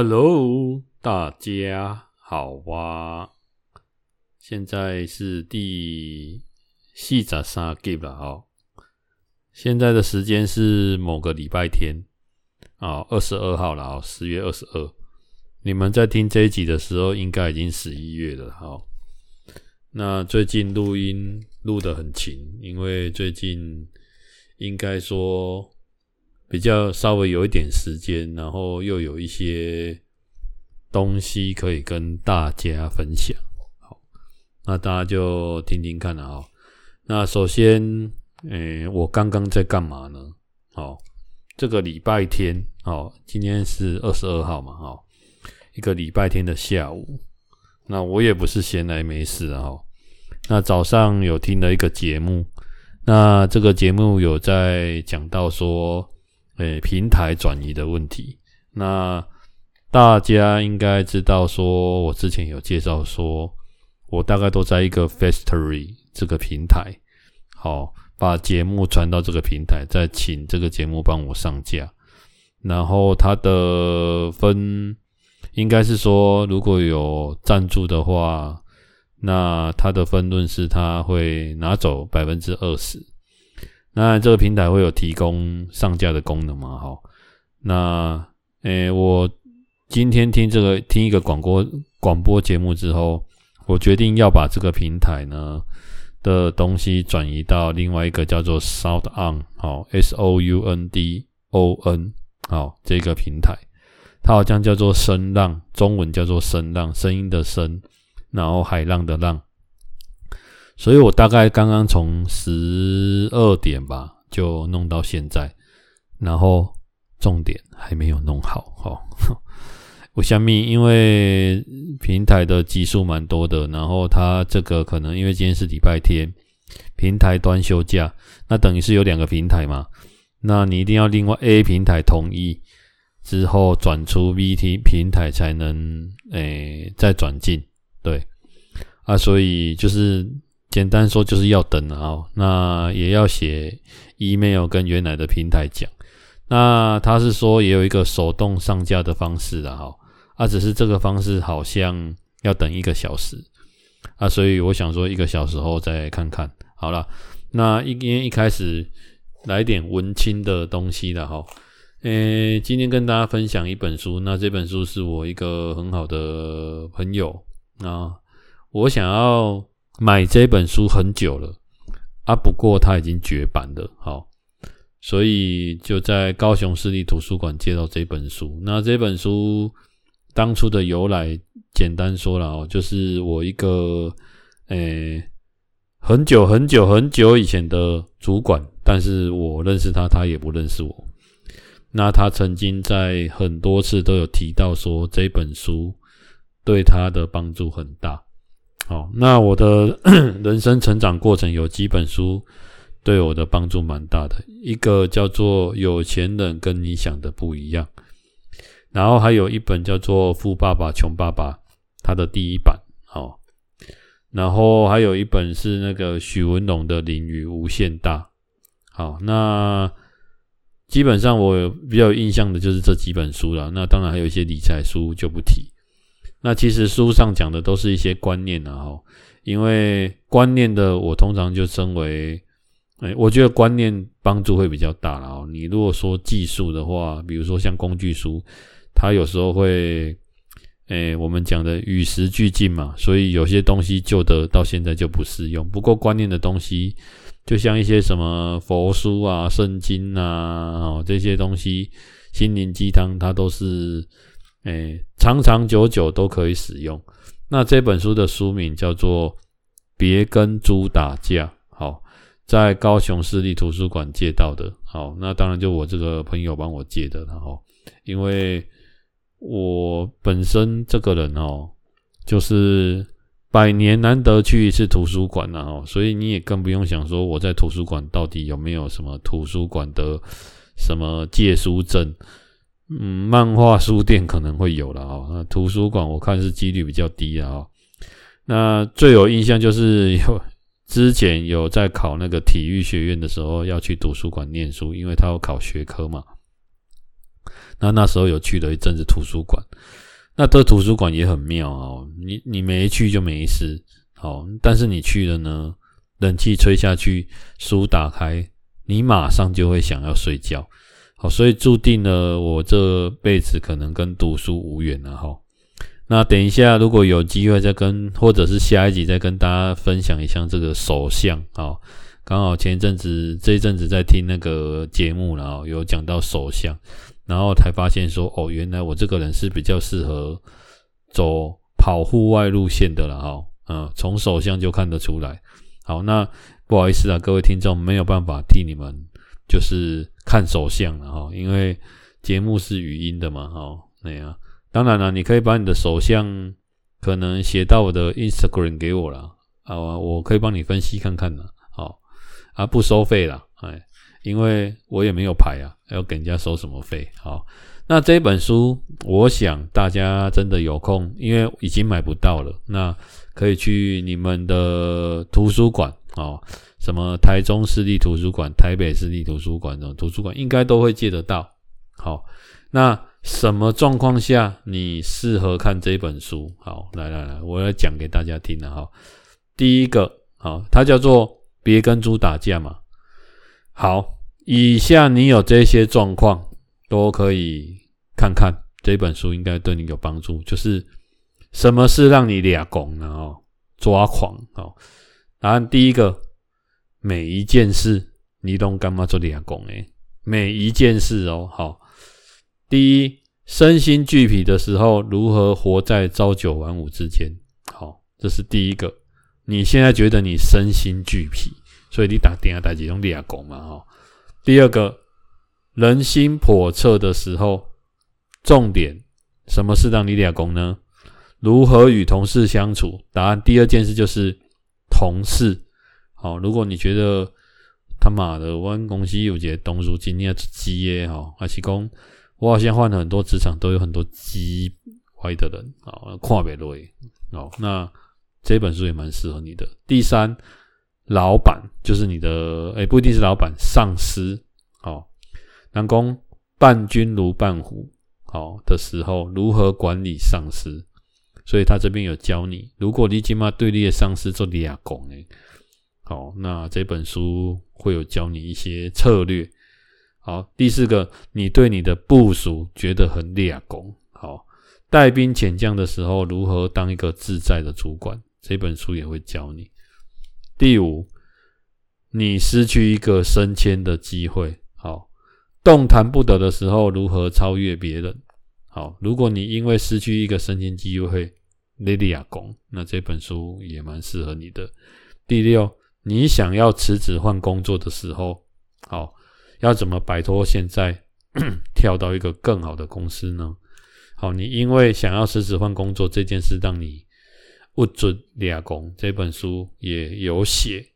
Hello，大家好哇、啊！現在是第四十三集了哦。現在的時間是某個禮拜天啊，二十二號了哦，十月二十二。你們在聽這一集的時候，應該已經十一月了哈、哦。那最近錄音錄的很勤，因為最近應該說。比較稍微有一點時間，然後又有一些東西可以跟大家分享。好，那大家就聽聽看了哈，那首先，嗯、欸，我剛剛在幹嘛呢？好，這個禮拜天，好，今天是二十二號嘛，哈，一個禮拜天的下午，那我也不是閒來沒事哈，那早上有聽了一個節目，那這個節目有在講到說。誒，平台轉移的問題，那大家應該知道說，我之前有介紹說，我大概都在一個 Festory 這個平台，好，把節目傳到這個平台，再請這個節目幫我上架，然後它的分應該是說，如果有贊助的話，那它的分論是他會拿走百分之二十。那這個平台會有提供上架的功能嗎？哈，那誒，我今天聽這個聽一個廣播廣播節目之後，我決定要把這個平台呢的東西轉移到另外一個叫做 Sound On 好 S O U N D O N 好這個平台，它好像叫做聲浪，中文叫做聲浪，聲音的聲，然後海浪的浪。所以我大概剛剛從十二點吧就弄到現在，然後重點還沒有弄好。齁，我下面因為平台的基數蠻多的，然後它這個可能因為今天是禮拜天，平台端休假，那等於是有兩個平台嘛，那你一定要另外 A 平台同意之後轉出 B T 平台才能，誒，再轉進，對，啊，所以就是。簡單說就是要等啊，哦，那也要寫 email 跟原來的平台講。那他是說也有一個手動上架的方式的哈，哦，啊，只是這個方式好像要等一個小時啊，所以我想說一個小時後再看看。好啦，那今天一開始來點文青的東西的哈，哦，誒，今天跟大家分享一本書，那這本書是我一個很好的朋友啊，那我想要。買這本書很久了啊，不過他已經絕版了，好，所以就在高雄市立圖書館借到這本書。那這本書當初的由來，簡單說了哦，就是我一個誒、欸，很久很久很久以前的主管，但是我認識他，他也不認識我。那他曾經在很多次都有提到說，這本書對他的幫助很大。好，那我的人生成長過程有幾本書對我的幫助蠻大的，一個叫做《有錢人跟你想的不一樣》，然後還有一本叫做《富爸爸窮爸爸》，他的第一版，好、哦，然後還有一本是那個許文龍的《淋雨無限大》，好，那基本上我比較有印象的就是這幾本書了，那當然還有一些理財書就不提。那其實書上講的都是一些觀念啊，吼，因為觀念的我通常就稱為，誒、哎、我覺得觀念幫助會比較大啊、哦。你如果說技術的話，比如說像工具書，它有時候會，誒、哎、我們講的與時俱進嘛，所以有些東西舊的到現在就不適用。不過觀念的東西，就像一些什麼佛書啊、聖經啊，哦，這些東西心靈雞湯，它都是。哎，長長久久都可以使用。那這本書的書名叫做《別跟豬打架》。好，在高雄市立圖書館借到的。好，那當然就我這個朋友幫我借的了哦。因為我本身這個人哦，就是百年難得去一次圖書館啊。所以你也更不用想說我在圖書館到底有沒有什麼圖書館的什麼借書證。嗯，漫畫書店可能會有了啊、哦。那圖書館我看是幾率比較低啊、哦。那最有印象就是有之前有在考那個體育學院的時候要去圖書館念書，因為他要考學科嘛。那那時候有去了一陣子圖書館，那這圖書館也很妙哦。你你沒去就沒事，哦，但是你去了呢，冷氣吹下去，書打開，你馬上就會想要睡覺。好，所以註定了我這輩子可能跟讀書無緣了哈。那等一下，如果有機會再跟，或者是下一集再跟大家分享一下這個手相啊。哦，剛好前一陣子，這一陣子在聽那個節目了後有講到手相，然後才發現說，哦，原來我這個人是比較適合走跑戶外路線的了哈。嗯、呃，從手相就看得出來。好，那不好意思啊，各位聽眾沒有辦法替你們。就是看手相了哈，因為節目是語音的嘛哈，那樣當然了，你可以把你的手相可能寫到我的 Instagram 給我了啊，我可以幫你分析看看的，好啊，不收費了哎，因為我也沒有牌啊，要給人家收什麼費？好，那這本書，我想大家真的有空，因為已經買不到了，那可以去你們的圖書館哦。什麼台中市立圖書館、台北市立圖書館的圖書館應該都會借得到。好，那什麼狀況下你適合看這本書？好，來來來，我要講給大家聽了哈。第一個，好，它叫做《別跟豬打架》嘛。好，以下你有這些狀況都可以看看這本書，應該對你有幫助。就是什麼事讓你倆拱的哦？然後抓狂哦？答案第一個。每一件事，你都幹嘛做點阿公誒？每一件事哦，好、哦。第一，身心俱疲的時候，如何活在朝九晚五之間？好、哦，這是第一個。你現在覺得你身心俱疲，所以你打電話打幾通點阿公嘛？哈、哦。第二個，人心叵測的時候，重點什麼事讓你點阿公呢？如何與同事相處？答案，第二件事就是同事。好，如果你覺得他媽的溫公司有些東叔經驗是雞耶哈阿西工，我好像換了很多職場，都有很多雞歪的人啊，跨北羅耶哦。那這本書也蠻適合你的。第三，老闆就是你的，哎、欸，不一定是老闆，上司哦。南宮伴君如伴虎，好的時候如何管理上司？所以他這邊有教你。如果你他媽對你的上司做倆工誒。好，那這本書會有教你一些策略。好，第四個，你對你的部屬覺得很掠狂。好，帶兵遣將的時候如何當一個自在的主管？這本書也會教你。第五，你失去一個升遷的機會。好，動彈不得的時候如何超越別人？好，如果你因為失去一個升遷機會，你掠狂，那這本書也蠻適合你的。第六。你想要辭職換工作的時候，好、哦，要怎麼擺脫現在跳到一個更好的公司呢？好、哦，你因為想要辭職換工作這件事，讓你誤準兩公。這本書也有寫。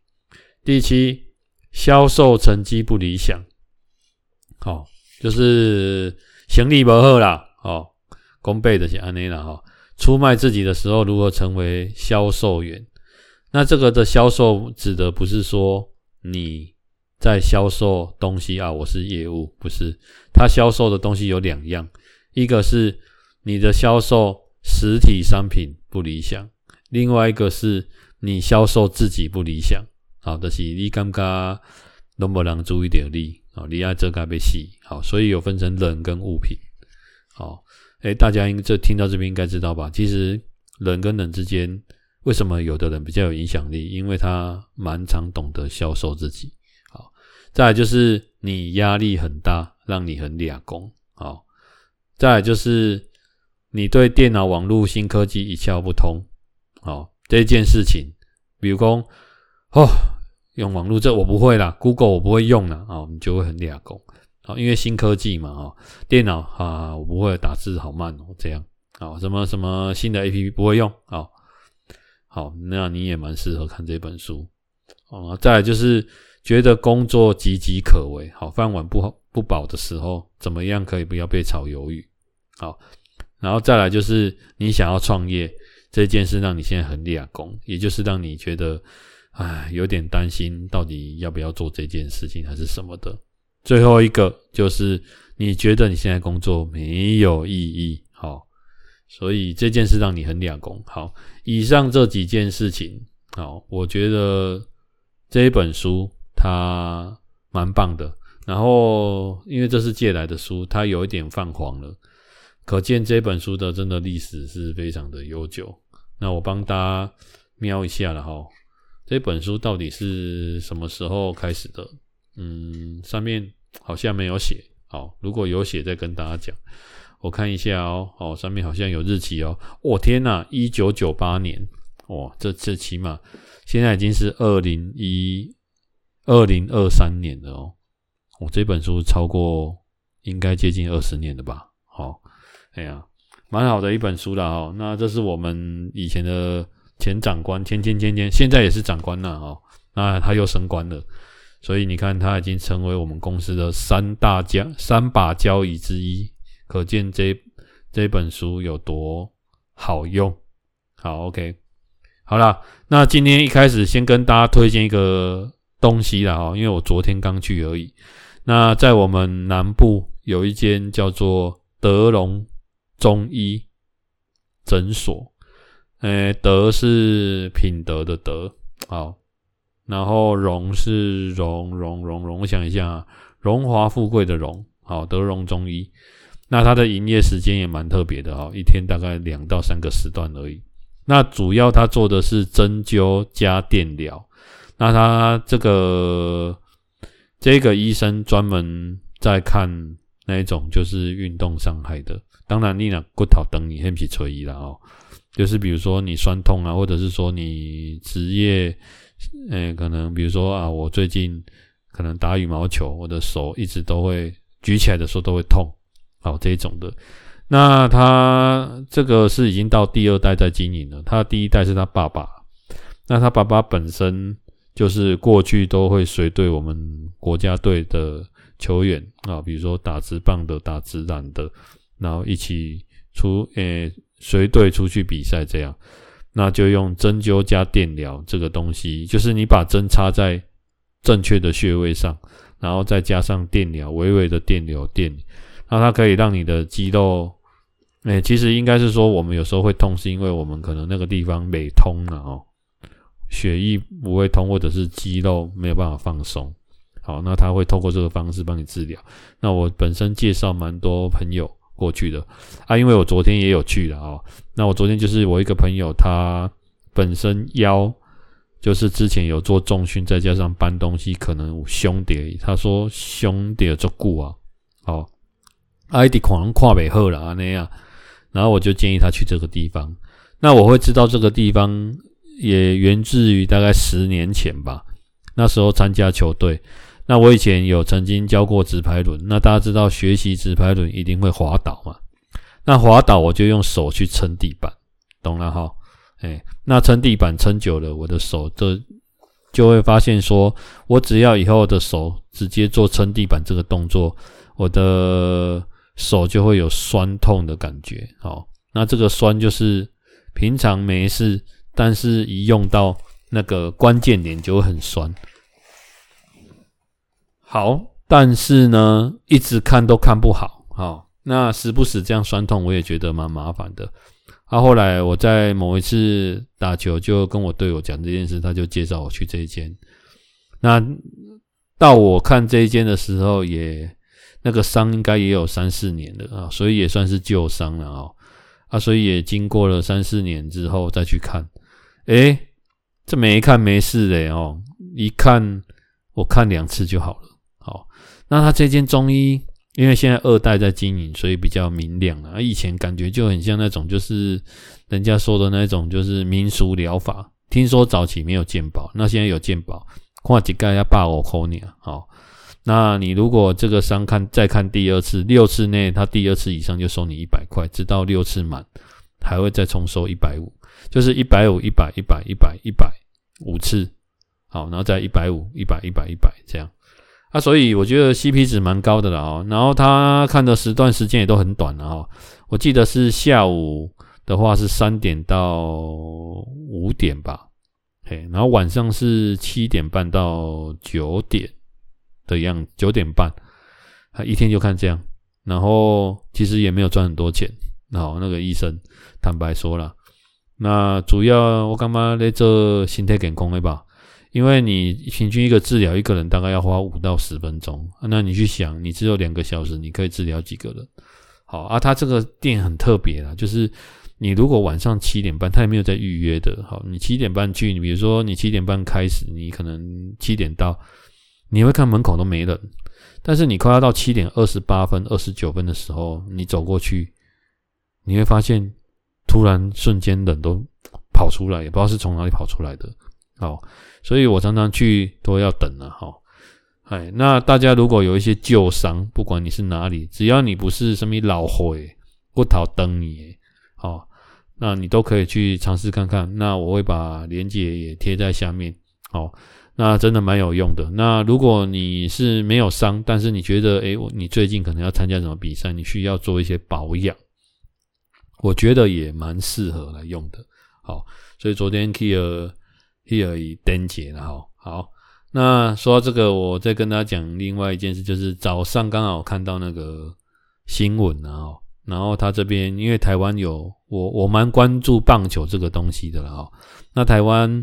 第七，銷售成績不理想，好、哦，就是行李不好啦，哦，弓背的些案啦，了、哦、哈。出賣自己的時候，如何成為銷售員？那這個的銷售指的不是說你在銷售東西啊，我是業務，不是。他銷售的東西有兩樣，一個是你的銷售實體商品不理想，另外一個是你銷售自己不理想。好，就是你干覺能不能注意點力你，你要這該被洗好，所以有分成人跟物品。好，哎、欸，大家應這聽到這邊應該知道吧？其實人跟人之間。為什麼有的人比較有影響力？因為他蠻常懂得銷售自己。好，再來就是你壓力很大，讓你很力功。好，再來就是你對電腦、網絡、新科技一竅不通。好，這件事情，比如說哦，用網絡這我不會啦 Google 我不會用了，啊，我們就會很力功。好，因為新科技嘛，哈，電腦啊，我不會打字，好慢哦，這樣，好什麼什麼新的 APP 不會用，好。好，那你也蠻適合看這本書。哦，然後再來就是覺得工作岌岌可危，好，飯碗不好不保的時候，怎麼樣可以不要被炒魷魚？好，然後再來就是你想要創業這件事，讓你現在很兩公，也就是讓你覺得唉，有點擔心到底要不要做這件事情還是什麼的。最後一個就是你覺得你現在工作沒有意義，好。所以這件事讓你很兩功。好。以上這幾件事情，好，我覺得這一本書它蠻棒的。然後因為這是借來的書，它有一點泛黃了，可見這本書的真的歷史是非常的悠久。那我幫大家瞄一下了哈，這本書到底是什麼時候開始的？嗯，上面好像沒有寫。好，如果有寫，再跟大家講。我看一下哦，哦，上面好像有日期哦，我、哦、天哪，一九九八年，哇，這這起碼現在已經是二零一二零二三年了哦，我、哦、這本書超過應該接近二十年了吧？好、哦，哎呀，蠻好的一本書的哦。那這是我們以前的前長官，前前前前，現在也是長官了、啊、哦，那他又升官了，所以你看，他已經成為我們公司的三大家，三把交椅之一。可見這這本書有多好用，好、okay。好，OK，好了，那今天一開始先跟大家推薦一個東西了啊，因為我昨天剛去而已。那在我們南部有一間叫做德隆中醫診所，哎，德是品德的德，好，然後榮是榮榮榮榮，我想一下，榮華富貴的榮，好，德隆中醫。那他的營業時間也蠻特別的哈，一天大概兩到三個時段而已。那主要他做的是針灸加電療。那他這個這個醫生專門在看那一種就是運動傷害的。當然，你呢骨頭等你先皮求醫了哦。就是比如說你痠痛啊，或者是說你職業，嗯、欸，可能比如說啊，我最近可能打羽毛球，我的手一直都會舉起來的時候都會痛。好，這一種的，那他這個是已經到第二代在經營了。他第一代是他爸爸，那他爸爸本身就是過去都會隨隊我們國家隊的球員啊，比如說打職棒的、打職籃的，然後一起出誒隨隊出去比賽這樣。那就用針灸加電療這個東西，就是你把針插在正確的穴位上，然後再加上電療，微微的電流電。那它可以讓你的肌肉，誒、欸，其實應該是說，我們有時候會痛，是因為我們可能那個地方沒通了哦，血液不會通，或者是肌肉沒有辦法放鬆。好，那它會透過這個方式幫你治療。那我本身介紹蠻多朋友過去的啊，因為我昨天也有去的哦。那我昨天就是我一個朋友，他本身腰就是之前有做重訓，再加上搬東西，可能胸疊，他說胸疊足骨啊，好。迪可狂跨北赫然啊那樣啊，然後我就建議他去這個地方。那我會知道這個地方也源自於大概十年前吧。那時候參加球隊，那我以前有曾經教過直排輪。那大家知道學習直排輪一定會滑倒嘛？那滑倒我就用手去撐地板，懂了哈？誒、哎，那撐地板撐久了，我的手都就，就會發現說，我只要以後的手直接做撐地板這個動作，我的。手就會有痠痛的感覺，好，那這個酸就是平常沒事，但是一用到那個關鍵點就會很酸。好，但是呢，一直看都看不好，好，那時不時這樣痠痛，我也覺得蠻麻煩的。啊，後來我在某一次打球，就跟我隊友講這件事，他就介紹我去這一間。那到我看這一間的時候，也。那個傷應該也有三四年了啊，所以也算是舊傷了哦，啊，所以也經過了三四年之後再去看，誒、欸、這沒看沒事的哦，一看我看兩次就好了。好，那他這間中醫，因為現在二代在經營，所以比較明亮了。以前感覺就很像那種，就是人家說的那種，就是民俗療法。聽說早期沒有健保，那現在有健保，看一次要八五塊而已，那你如果這個商看再看第二次六次內，他第二次以上就收你一百塊，直到六次滿，還會再重收一百五，就是一百五一百一百一百一百五次，好，然後再一百五一百一百一百這樣。啊，所以我覺得 CP 值蠻高的了啊。然後他看的時段時間也都很短了啊。我記得是下午的話是三點到五點吧，嘿，然後晚上是七點半到九點。一樣九點半，他一天就看這樣，然後其實也沒有賺很多錢。然後那個醫生坦白說了，那主要我幹嘛在做心電監控的吧？因為你平均一個治療一個人大概要花五到十分鐘，那你去想，你只有兩個小時，你可以治療幾個人？好，啊，他這個店很特別啦，就是你如果晚上七點半，他也沒有在預約的。好，你七點半去，你比如說你七點半開始，你可能七點到。你會看門口都沒人，但是你快要到七點二十八分，二十九分的時候，你走過去，你會發現突然瞬間人都跑出來，也不知道是從哪裡跑出來的。所以我常常去都要等了，啊哦哎。那大家如果有一些舊傷，不管你是哪裡，只要你不是什麼老火耶，不討燈你，好，哦，那你都可以去嘗試看看。那我會把鏈接也貼在下面。好，哦。那真的蠻有用的。那如果你是沒有傷，但是你覺得，誒、欸，你最近可能要參加什麼比賽，你需要做一些保養，我覺得也蠻適合來用的。好，所以昨天 Kier Kier 以登結了哈。好，那說到這個，我再跟大家講另外一件事，就是早上剛好看到那個新聞了哈，然後他這邊，因為台灣有我，我蠻關注棒球這個東西的了哈。那台灣。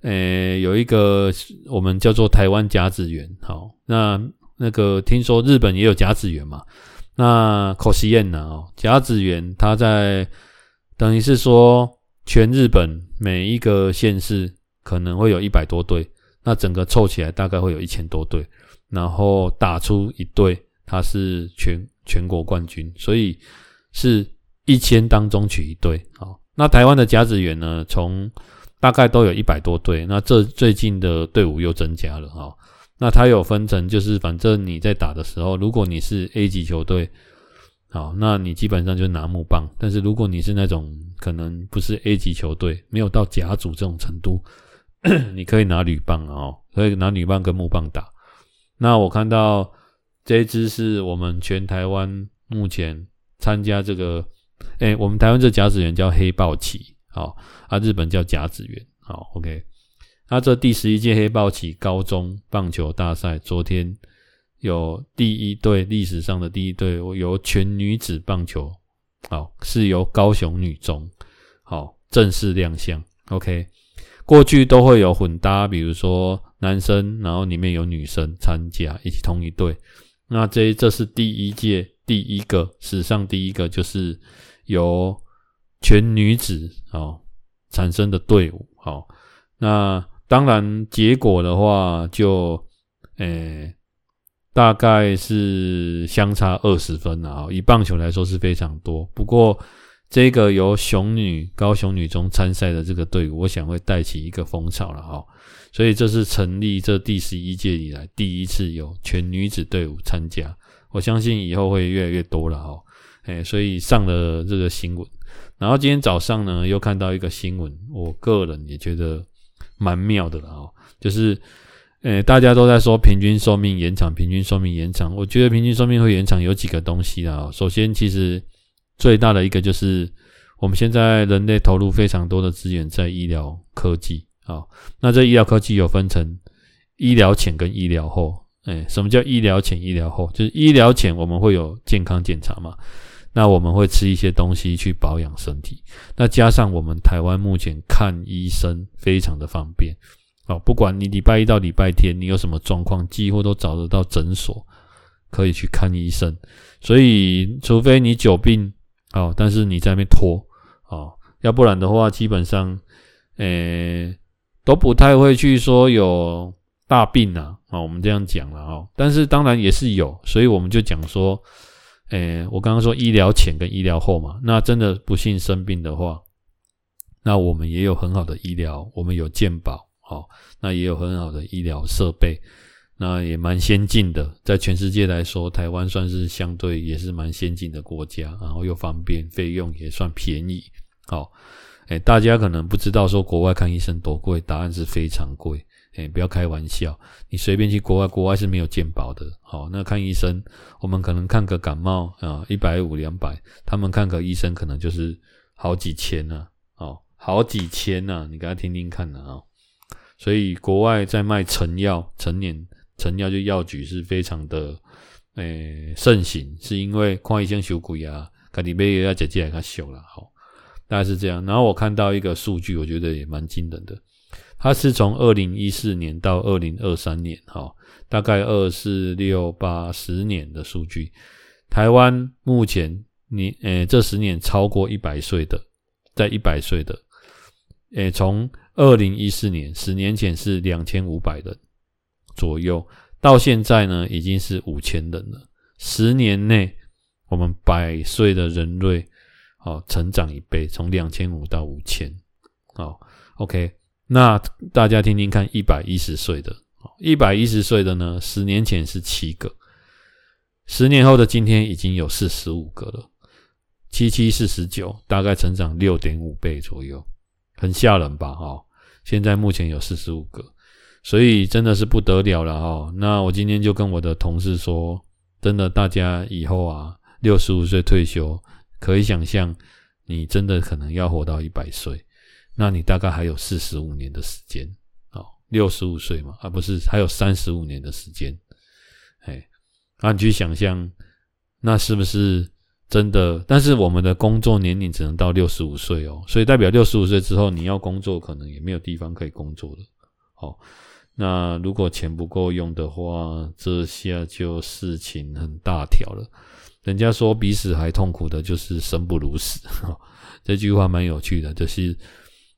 呃、欸，有一個我們叫做台灣甲子園，好，那那個聽說日本也有甲子園嘛，那 Koshien 啊，甲子園它在等於是說全日本每一個縣市可能會有一百多隊，那整個湊起來大概會有一千多隊，然後打出一隊，它是全全國冠軍，所以是一千當中取一隊，好，那台灣的甲子園呢，從大概都有一百多隊，那這最近的隊伍又增加了哈、哦。那它有分成，就是反正你在打的時候，如果你是 A 級球隊，好，那你基本上就拿木棒；但是如果你是那種可能不是 A 級球隊，沒有到甲組這種程度， 你可以拿鋁棒哦，可以拿鋁棒跟木棒打。那我看到這一支是我們全台灣目前參加這個，哎、欸，我們台灣這甲子園叫黑豹旗。好，啊，日本叫甲子園。好，OK。那、啊、這第十一屆黑豹旗高中棒球大賽，昨天有第一隊歷史上的第一隊，由全女子棒球，好，是由高雄女中，好，正式亮相。OK。過去都會有混搭，比如說男生，然後裡面有女生參加，一起同一隊。那這這是第一屆第一個，史上第一個，就是由。全女子哦，產生的隊伍哦，那當然結果的話就誒、欸、大概是相差二十分了，啊、哦。以棒球來說是非常多，不過這個由雄女高雄女中參賽的這個隊伍，我想會帶起一個風潮了哈、哦。所以這是成立這第十一屆以來第一次有全女子隊伍參加，我相信以後會越來越多了哈、哦。誒、欸，所以上了這個新聞。然後今天早上呢，又看到一個新聞，我個人也覺得蠻妙的了哦。就是，誒，大家都在說平均壽命延長，平均壽命延長。我覺得平均壽命會延長有幾個東西啦哦。首先，其實最大的一個就是我們現在人類投入非常多的資源在醫療科技啊哦。那這醫療科技有分成醫療前跟醫療後。誒，什麼叫醫療前、醫療後？就是醫療前我們會有健康檢查嘛。那我們會吃一些東西去保養身體。那加上我們台灣目前看醫生非常的方便、哦、不管你禮拜一到禮拜天，你有什麼狀況，幾乎都找得到診所可以去看醫生。所以，除非你久病、哦、但是你在那邊拖、哦、要不然的話，基本上誒都不太會去說有大病啊、哦、我們這樣講了、哦、但是當然也是有，所以我們就講說。誒，我剛剛說醫療前跟醫療後嘛，那真的不幸生病的話，那我們也有很好的醫療，我們有健保，哦，那也有很好的醫療設備，那也蠻先進的，在全世界來說，台灣算是相對也是蠻先進的國家，然後又方便，費用也算便宜，哦，誒，大家可能不知道說國外看醫生多貴，答案是非常貴。哎、欸，不要開玩笑！你隨便去國外，國外是沒有健保的。好、哦，那看醫生，我們可能看個感冒啊，一百五兩百；150, 200, 他們看個醫生，可能就是好幾千呢、啊。哦，好幾千呢、啊，你給他聽聽看的啊、哦。所以國外在賣成藥，成年成藥就藥局是非常的哎、欸、盛行，是因為快一些修鬼牙，看裡面也要姐姐也看修了。好、哦，大概是這樣。然後我看到一個數據，我覺得也蠻驚人的。它是從二零一四年到二零二三年，哈、哦，大概二四六八十年的數據。台灣目前，你呃，這十年超過一百歲的，在一百歲的，誒，從二零一四年，十年前是兩千五百人左右，到現在呢，已經是五千人了。十年內，我們百歲的人類，哦，成長一倍，從兩千五到五千、哦，哦，OK。那大家聽聽看，一百一十歲的，一百一十歲的呢？十年前是七個，十年後的今天已經有四十五個了，七七四十九，大概成長六點五倍左右，很嚇人吧？哈，現在目前有四十五個，所以真的是不得了了啊！那我今天就跟我的同事說，真的，大家以後啊，六十五歲退休，可以想象，你真的可能要活到一百歲。那你大概還有四十五年的時間，哦，六十五歲嘛，而、啊、不是還有三十五年的時間，哎，那你去想象，那是不是真的？但是我們的工作年齡只能到六十五歲哦，所以代表六十五歲之後，你要工作可能也沒有地方可以工作了哦。那如果錢不夠用的話，這下就事情很大條了。人家說比死還痛苦的就是生不如死，哦，這句話蠻有趣的，就是。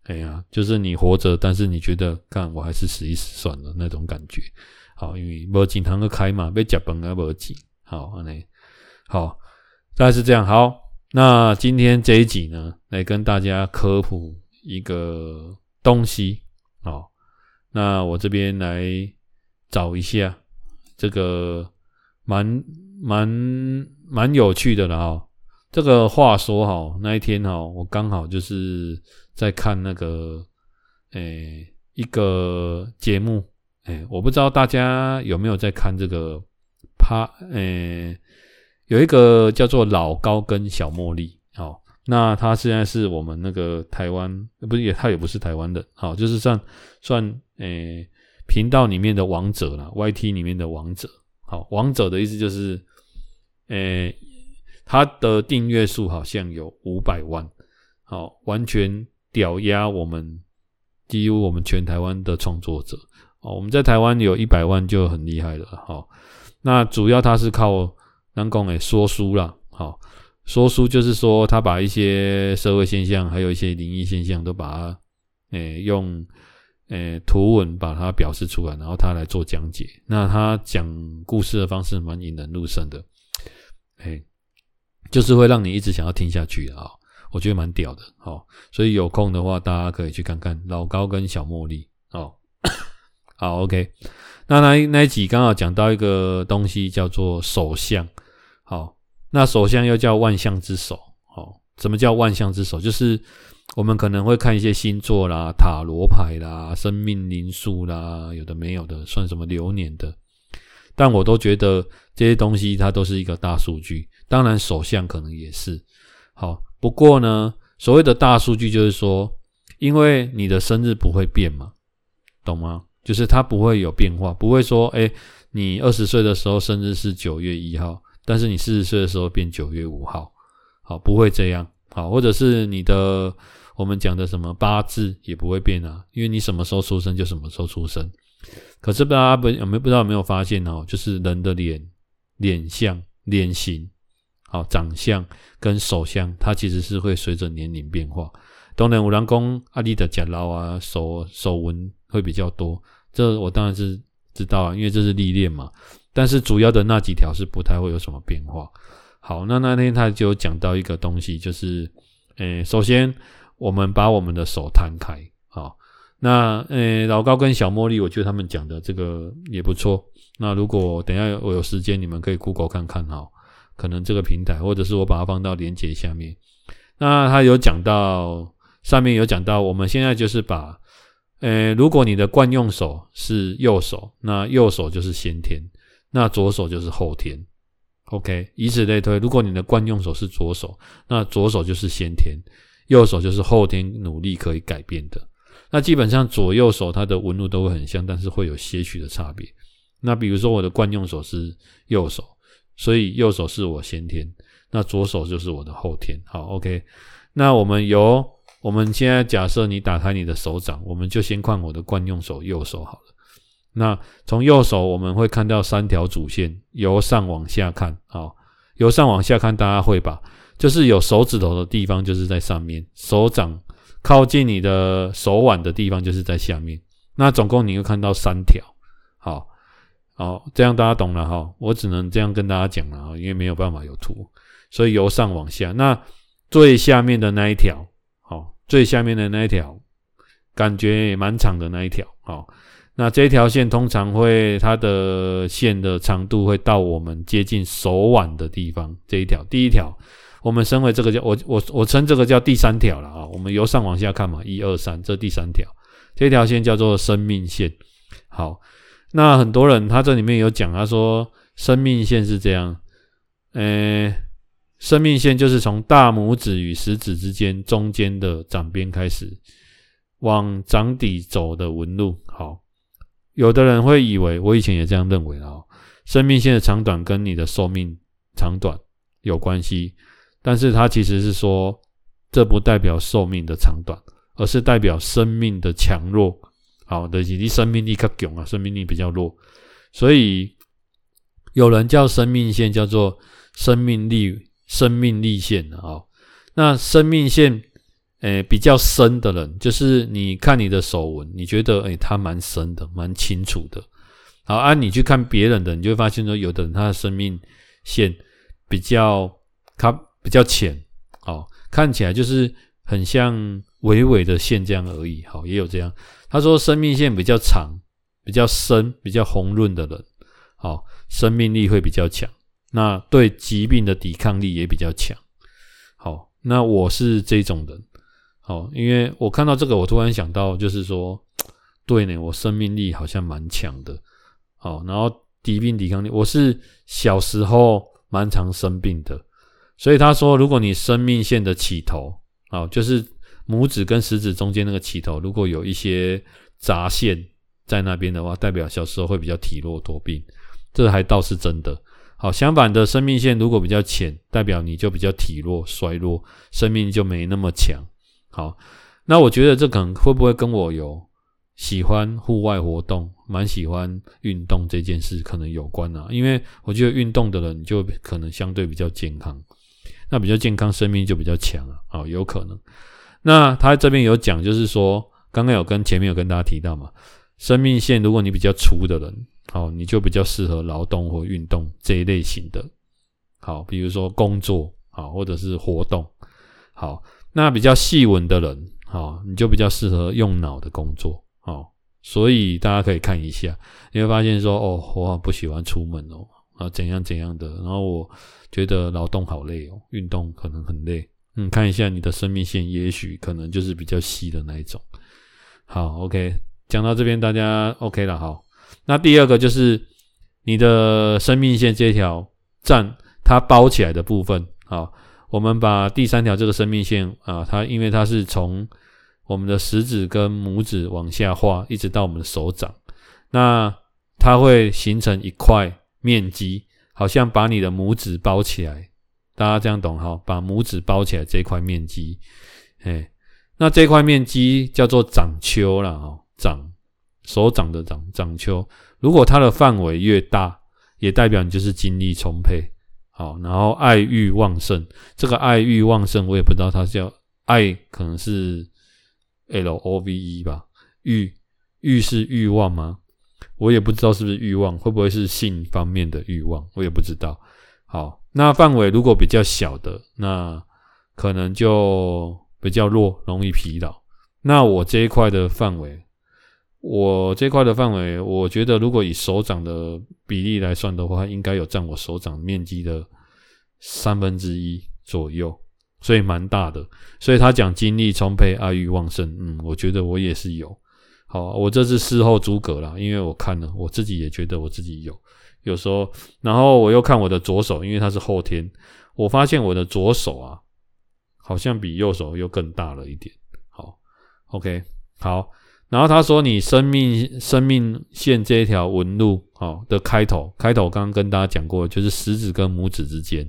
哎呀，就是你活着，但是你覺得，幹，我還是死一死算了那種感覺。好，因為不要緊，堂個開嘛，被夾崩了不要緊。好，安呢，好，大概是這樣。好，那今天這一集呢，來跟大家科普一個東西。好，那我這邊來找一下，這個蠻蠻蠻有趣的了哈，這個話說哈，那一天哈，我剛好就是。在看那個，誒、欸，一個節目，誒、欸，我不知道大家有沒有在看這個趴，誒、欸，有一個叫做老高跟小茉莉，哦，那他現在是我們那個台灣，不是也他也不是台灣的，好、哦，就是算算，誒、欸，頻道裡面的王者了，YT 裡面的王者，好、哦，王者的意思就是，誒、欸，他的訂閱數好像有五百萬，好、哦，完全。屌壓我們，幾乎我們全台灣的創作者哦，我們在台灣有一百萬就很厲害了哈、哦。那主要他是靠當講誒說書啦，好、哦、說書就是說他把一些社會現象，還有一些靈異現象都把它誒、欸、用誒、欸、圖文把它表示出來，然後他來做講解。那他講故事的方式蠻引人入勝的，誒、欸，就是會讓你一直想要聽下去啊、哦。我覺得蠻屌的，好、哦，所以有空的話大家可以去看看老高跟小茉莉，哦， 好，OK，那那一那一集剛好講到一個東西叫做手相，好、哦，那手相又叫萬象之手，好、哦，什麼叫萬象之手？就是我們可能會看一些星座啦、塔羅牌啦、生命靈數啦，有的沒有的，算什麼流年的，但我都覺得這些東西它都是一個大數據，當然手相可能也是，好、哦。不過呢，所謂的大數據就是說，因為你的生日不會變嘛，懂嗎？就是它不會有變化，不會說，哎，你二十歲的時候生日是九月一號，但是你四十歲的時候變九月五號，好，不會這樣，好，或者是你的我們講的什麼八字也不會變啊，因為你什麼時候出生就什麼時候出生。可是大家不有沒有不知道有沒有發現哦，就是人的臉、臉相、臉型。好，長相跟手相，它其實是會隨着年齡變化。當然，五郎公阿力的假老啊，手手紋會比較多，這我當然是知道啊，因為這是歷練嘛。但是主要的那幾條是不太會有什麼變化。好，那那天他就講到一個東西，就是，誒首先我們把我們的手攤開，好，那誒老高跟小茉莉，我覺得他們講的這個也不錯。那如果等一下我有時間，你們可以 Google 看看哈。可能這個平台，或者是我把它放到連接下面。那它有講到，上面有講到，我們現在就是把，呃、欸，如果你的慣用手是右手，那右手就是先天，那左手就是後天。OK，以此類推，如果你的慣用手是左手，那左手就是先天，右手就是後天努力可以改變的。那基本上左右手它的紋路都會很像，但是會有些許的差別。那比如說我的慣用手是右手。所以右手是我先天，那左手就是我的後天。好，OK。那我們由我們現在假設你打開你的手掌，我們就先看我的慣用手右手好了。那從右手我們會看到三條主線，由上往下看啊，哦，由上往下看，大家會把就是有手指頭的地方就是在上面，手掌靠近你的手腕的地方就是在下面。那總共你會看到三條，好。哦，這樣大家懂了哈、哦。我只能這樣跟大家講了啊，因為沒有辦法有圖，所以由上往下。那最下面的那一條，好、哦，最下面的那一條，感覺也蠻長的那一條，好、哦。那這一條線通常會它的線的長度會到我們接近手腕的地方。這一條，第一條，我們稱為這個叫我我我稱這個叫第三條了啊、哦。我們由上往下看嘛，一二三，這第三條，這條線叫做生命線。好、哦。那很多人他這裡面有講，他說生命線是這樣，呃，生命線就是從大拇指與食指之間中間的掌邊開始往掌底走的紋路。好，有的人會以為，我以前也這樣認為哦，生命線的長短跟你的壽命長短有關係，但是他其實是說，這不代表壽命的長短，而是代表生命的強弱。好的，以及生命力較強啊，生命力比較弱，所以有人叫生命線，叫做生命力生命力線啊。那生命線誒比較深的人，就是你看你的手紋，你覺得誒他蠻深的，蠻清楚的。好，啊，你去看別人的，你就會發現說，有的人他的生命線比較他比較淺，哦，看起來就是。很像微微的線這樣而已，好，也有這樣。他說，生命線比較長、比較深、比較紅潤的人，好，生命力會比較強，那對疾病的抵抗力也比較強。好，那我是這種人，好，因為我看到這個，我突然想到，就是說，對呢，我生命力好像蠻強的，好，然後疾病抵抗力，我是小時候蠻常生病的，所以他說，如果你生命線的起頭。好，就是拇指跟食指中間那個起頭，如果有一些雜線在那邊的話，代表小時候會比較體弱多病，這還倒是真的。好，相反的生命線如果比較淺，代表你就比較體弱衰弱，生命就沒那麼強。好，那我覺得這可能會不會跟我有喜歡戶外活動、蠻喜歡運動這件事可能有關呢、啊？因為我覺得運動的人就可能相對比較健康。那比較健康，生命就比較強、啊哦、有可能。那他這邊有講，就是說，剛剛有跟前面有跟大家提到嘛，生命線如果你比較粗的人，好、哦，你就比較適合勞動或運動這一類型的，好，比如說工作、哦、或者是活動，好，那比較細紋的人，好、哦，你就比較適合用腦的工作、哦，所以大家可以看一下，你會發現說，哦，我好不喜歡出門哦。啊，怎樣怎樣的？然後我覺得勞動好累哦，運動可能很累。嗯，看一下你的生命線，也許可能就是比較細的那一種。好，OK，講到這邊大家 OK 了。好，那第二個就是你的生命線這條佔它包起來的部分。好，我們把第三條這個生命線啊，它因為它是從我們的食指跟拇指往下畫，一直到我們的手掌，那它會形成一塊。面積好像把你的拇指包起來，大家這樣懂哈？把拇指包起來這塊面積，哎，那這塊面積叫做掌丘了啊，掌手掌的掌掌丘。如果它的範圍越大，也代表你就是精力充沛，好，然後愛欲旺盛。這個愛欲旺盛，我也不知道它叫愛，可能是 L O V E 吧？欲欲是欲望嗎？我也不知道是不是慾望，會不會是性方面的慾望，我也不知道。好，那範圍如果比較小的，那可能就比較弱，容易疲勞。那我這一塊的範圍，我這塊的範圍，我覺得如果以手掌的比例來算的話，應該有占我手掌面積的三分之一左右，所以蠻大的。所以他講精力充沛，愛欲旺盛，嗯，我覺得我也是有。好，我這是事後諸葛了，因為我看了，我自己也覺得我自己有，有時候，然後我又看我的左手，因為它是後天，我發現我的左手啊，好像比右手又更大了一點。好，OK，好，然後他說你生命生命線這一條紋路，哦的開頭，開頭剛剛跟大家講過，就是食指跟拇指之間，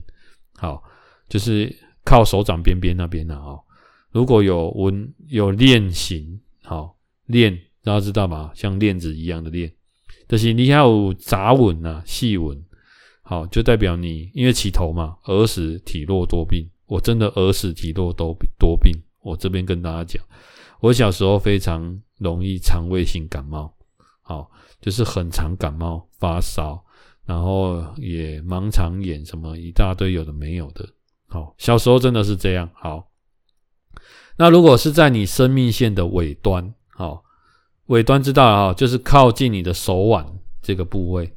好，就是靠手掌邊邊那邊的、啊、哦，如果有紋有鏈形，好、哦、鏈。大家知道嗎？像鏈子一樣的鏈，但是你要雜紋啊、細紋，好，就代表你因為起頭嘛，兒時體弱多病。我真的兒時體弱多病，多病。我這邊跟大家講，我小時候非常容易腸胃性感冒，好，就是很常感冒發燒，然後也盲腸炎什麼一大堆，有的沒有的。好，小時候真的是這樣。好，那如果是在你生命線的尾端，好。尾端知道啊，就是靠近你的手腕這個部位。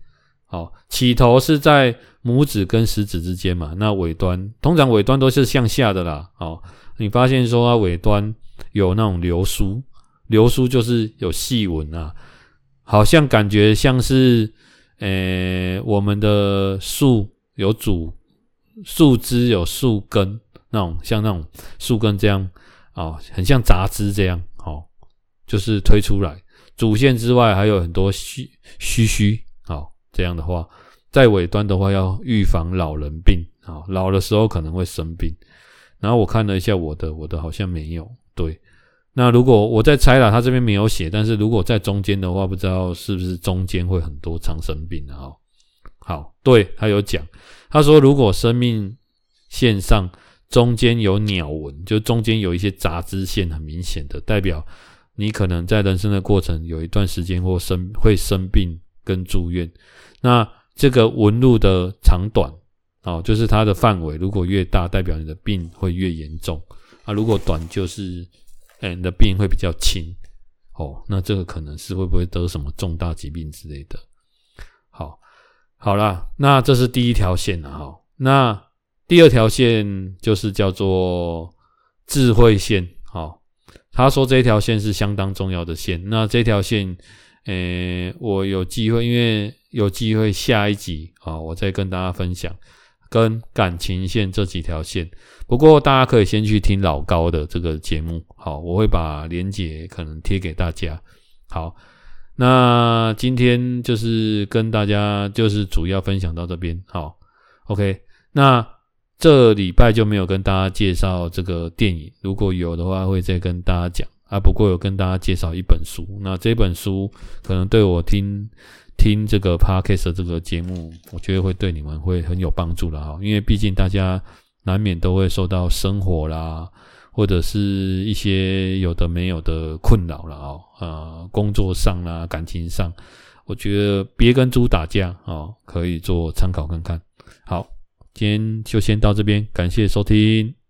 哦，起頭是在拇指跟食指之間嘛。那尾端通常尾端都是向下的啦。哦，你發現說它尾端有那種流蘇，流蘇就是有細紋啊，好像感覺像是呃我們的樹有主樹枝有樹根那種，像那種樹根這樣哦，很像雜枝這樣。哦，就是推出來。主線之外還有很多虛虛虛啊，這樣的話，在尾端的話要預防老人病啊，老的時候可能會生病。然後我看了一下我的，我的好像沒有，對。那如果我在猜啦，他這邊沒有寫，但是如果在中間的話，不知道是不是中間會很多長生病啊，好，對，他有講，他說，如果生命線上中間有鳥紋，就中間有一些雜支線，很明顯的代表你可能在人生的過程有一段時間或生會生病跟住院，那這個紋路的長短，哦，就是它的範圍，如果越大，代表你的病會越嚴重啊；如果短，就是、哎、你的病會比較輕哦。那這個可能是會不會得什麼重大疾病之類的？好，好了，那這是第一條線了、啊、哈。那第二條線就是叫做智慧線，好、哦。他說這條線是相當重要的線，那這條線，呃，我有機會，因為有機會下一集啊、哦，我再跟大家分享跟感情線這幾條線。不過大家可以先去聽老高的這個節目，好、哦，我會把連結可能貼給大家。好，那今天就是跟大家就是主要分享到這邊，好、哦，OK，那。這禮拜就沒有跟大家介紹這個電影，如果有的話會再跟大家講啊。不過有跟大家介紹一本書，那這本書可能對我聽聽這個 podcast 的這個節目，我覺得會對你們會很有幫助啦哦。因為畢竟大家難免都會受到生活啦，或者是一些有的沒有的困擾啦哦。呃，工作上啦，感情上，我覺得別跟豬打架哦，可以做參考看看。今天就先到這邊，感謝收聽。